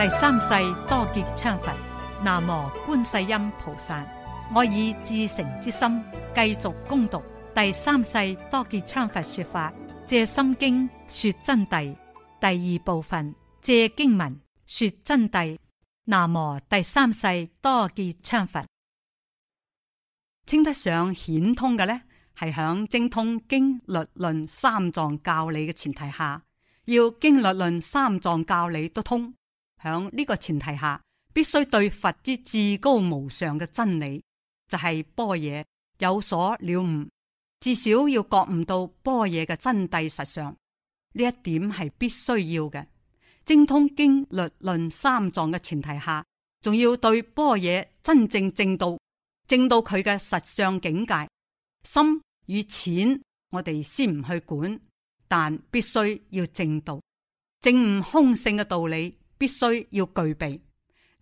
第三世多杰羌佛，南無觀世音菩薩。我以至誠之心繼續攻讀第三世多杰羌佛說法。借心經說真諦，第二部分借經文說真諦。南無第三世多杰羌佛，稱得上顯通嘅呢，係響精通經律論三藏教理嘅前提下，要經律論三藏教理都通。喺呢個前提下，必須對佛之至高無上嘅真理就係般若有所了悟，至少要覺悟到般若嘅真諦實相呢一點係必須要嘅。精通經律論三藏嘅前提下，仲要對般若真正證道證到佢嘅實相境界心與淺，我哋先唔去管，但必須要證道證悟空性嘅道理。必須要具備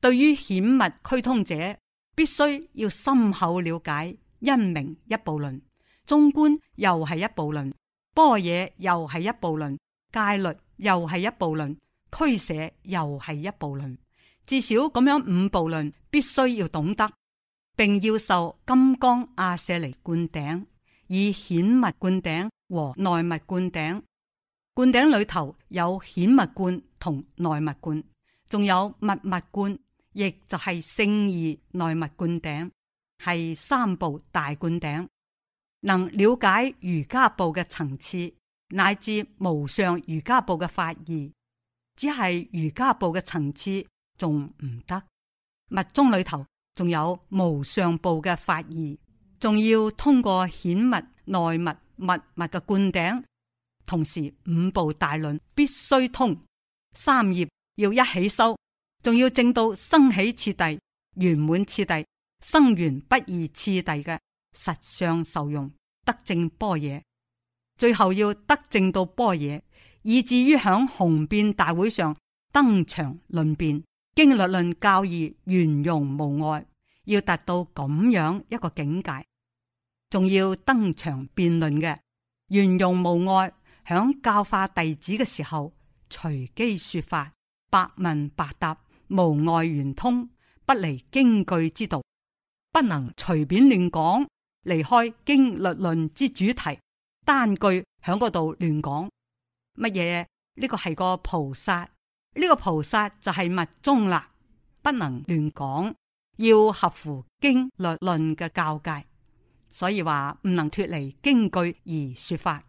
對於顯密趨通者，必須要深厚了解因明一部論、中觀又係一部論、般若又係一部論、戒律又係一部論、俱舍又係一部論，至少咁樣五部論必須要懂得，並要受金剛阿闍黎灌頂，以顯密灌頂和內密灌頂。灌頂裏頭有顯密灌同內密灌，仲有密密灌，亦就係聖意內密灌頂，係三部大灌頂，能了解瑜伽部嘅層次乃至無上瑜伽部嘅法義，只係瑜伽部嘅層次仲唔得？密宗裏頭仲有無上部嘅法義，仲要通過顯密、內密、密密嘅灌頂。同時五部大論必須通，三業要一起修，仲要證到生起次第、圓滿次第、生圓不二次第嘅實相受用，得證般若。最後要得證到般若，以至於響宏辯大會上登場論辯，經律論教義圓融無礙，要達到咁樣一個境界，仲要登場辯論嘅圓融無礙。響教化弟子嘅時候，隨機說法，百問百答，無礙圓通，不離經據之道，不能隨便亂講，離開經律論之主題，單句響嗰度亂講乜嘢？呢個係個菩薩，呢個菩薩就係密宗啦，不能亂講，要合乎經律論嘅教誡，所以話唔能脫離經據而說法。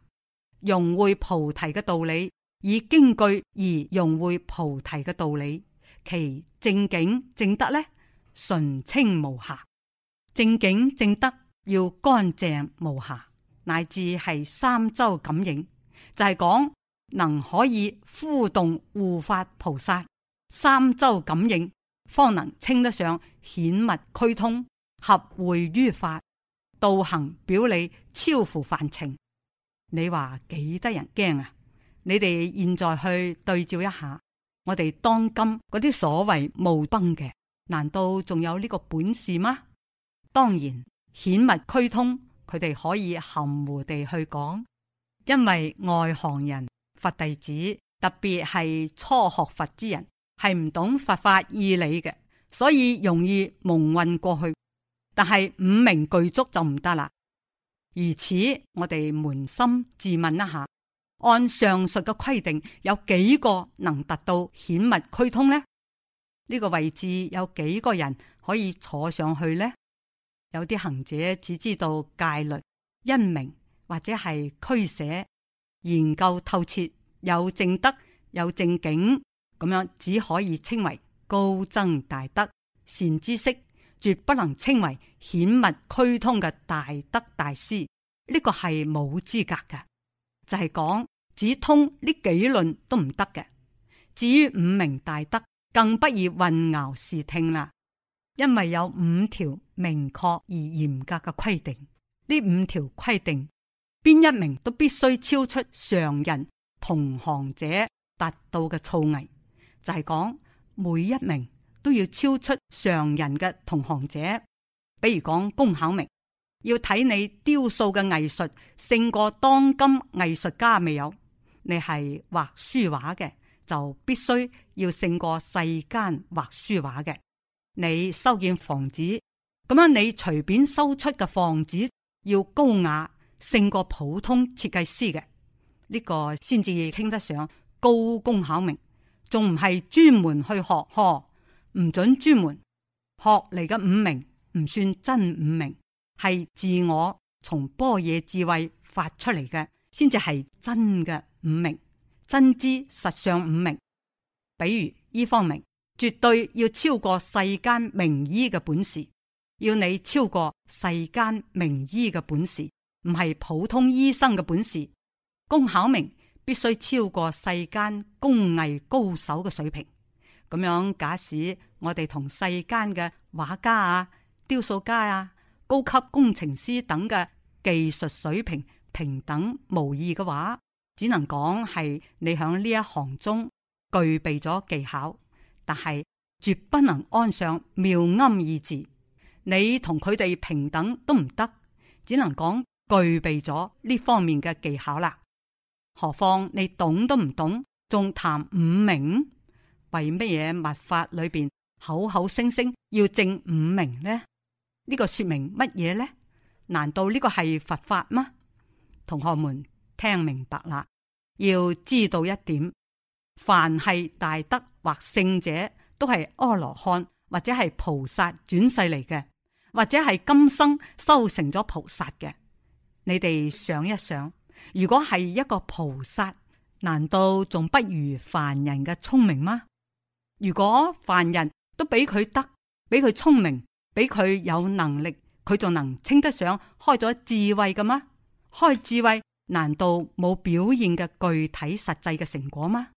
融會菩提嘅道理，以經據而融會菩提嘅道理，其正境正德呢？純清無瑕，正境正德要乾淨無瑕，乃至係三周感應，就係、是、講能可以呼動護法菩薩，三周感應方能稱得上顯密俱通，合會於法，道行表裏超乎凡情。你話幾得人驚啊！你哋現在去對照一下，我哋當今嗰啲所謂霧崩嘅，難道仲有呢個本事嗎？當然，顯密俱通，佢哋可以含糊地去講，因為外行人、佛弟子，特別係初學佛之人，係唔懂佛法義理嘅，所以容易蒙混過去。但係五明具足就唔得啦。如此，我哋捫心自問一下：按上述嘅規定，有幾個能達到顯密俱通呢？呢、這個位置有幾個人可以坐上去呢？有啲行者只知道戒律、因明或者係俱舍，研究透徹，有正德，有正境，咁樣只可以稱為高僧大德善知識。絕不能稱為顯密俱通嘅大德大師，呢、這個係冇資格嘅，就係講只通呢幾論都唔得嘅。至於五明大德，更不宜混淆視聽啦，因為有五條明確而嚴格嘅規定。呢五條規定，邊一名都必須超出常人同行者達到嘅造詣，就係、是、講每一名。都要超出常人嘅同行者，比如講功巧明，要睇你雕塑嘅藝術勝過當今藝術家未有？你係畫書畫嘅，就必須要勝過世間畫書畫嘅。你修建房子，咁樣你隨便修出嘅房子要高雅勝過普通設計師嘅，呢個先至稱得上高功巧明，仲唔係專門去學呵？唔准專門學嚟嘅五明，唔算真五明，係自我從般若智慧發出嚟嘅，先至係真嘅五明。真知實上五明，比如醫方明，絕對要超過世間名醫嘅本事，要你超過世間名醫嘅本事，唔係普通醫生嘅本事。工巧明，必須超過世間工藝高手嘅水平。咁樣假使我哋同世間嘅畫家啊、雕塑家啊、高級工程師等嘅技術水平平等無異嘅話，只能講係你喺呢一行中具備咗技巧，但係絕不能安上妙音二字。你同佢哋平等都唔得，只能講具備咗呢方面嘅技巧啦。何況你懂都唔懂，仲談五明？為乜嘢，佛法裏邊口口聲聲要證五明呢？呢、這個說明乜嘢呢？難道呢個係佛法嗎？同學們聽明白啦，要知道一點，凡係大德或聖者，都係阿羅漢或者係菩薩轉世嚟嘅，或者係今生修成咗菩薩嘅。你哋想一想，如果係一個菩薩，難道仲不如凡人嘅聰明嗎？如果凡人都比佢得，比佢聰明，比佢有能力，佢仲能稱得上開咗智慧嘅嗎？開智慧難道冇表現嘅具體實際嘅成果嗎？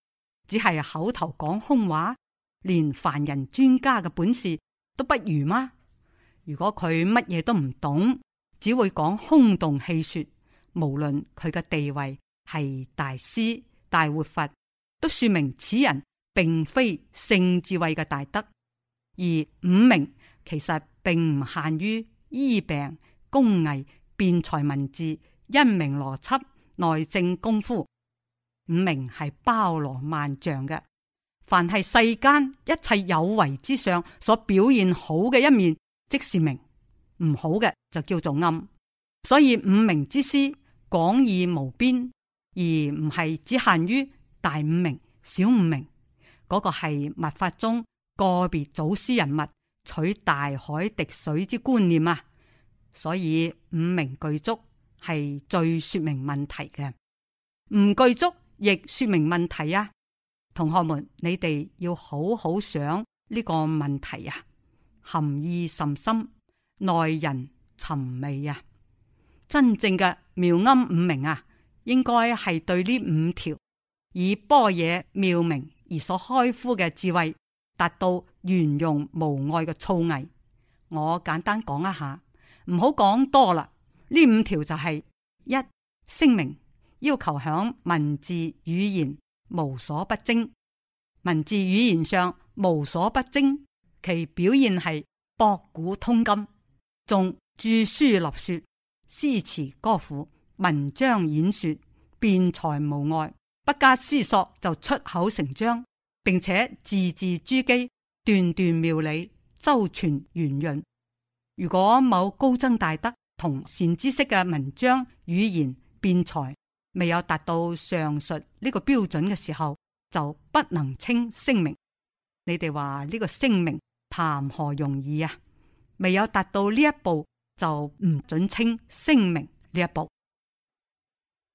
只係口頭講空話，連凡人專家嘅本事都不如嗎？如果佢乜嘢都唔懂，只會講空洞氣說，無論佢嘅地位係大師、大活佛，都說明此人。並非性智慧嘅大德，而五明其實並唔限於醫病、工藝、辯才、文字、因明、邏輯、內證功夫。五明係包羅萬象嘅，凡係世間一切有為之上所表現好嘅一面，即是明；唔好嘅就叫做暗。所以五明之師廣義無邊，而唔係只限於大五明、小五明。嗰個係密法中個別祖師人物取大海滴水之觀念啊，所以五明具足係最說明問題嘅，唔具足亦說明問題啊。同學們，你哋要好好想呢個問題啊，含義甚深，耐人尋味啊。真正嘅妙庵五明啊，應該係對呢五條。以般若妙明而所開夫嘅智慧，達到圓融無礙嘅造詣。我簡單講一下，唔好講多啦。呢五條就係、是、一、聲明，要求響文字語言無所不精，文字語言上無所不精，其表現係博古通今，仲著書立說、詩詞歌賦、文章演說，辯才無礙。不加思索就出口成章，並且字字珠璣、段段妙理、周全圓潤。如果某高僧大德同善知識嘅文章語言辯才未有達到上述呢個標準嘅時候，就不能稱聲明。你哋話呢個聲明談何容易啊？未有達到呢一步就唔准稱聲明呢一步。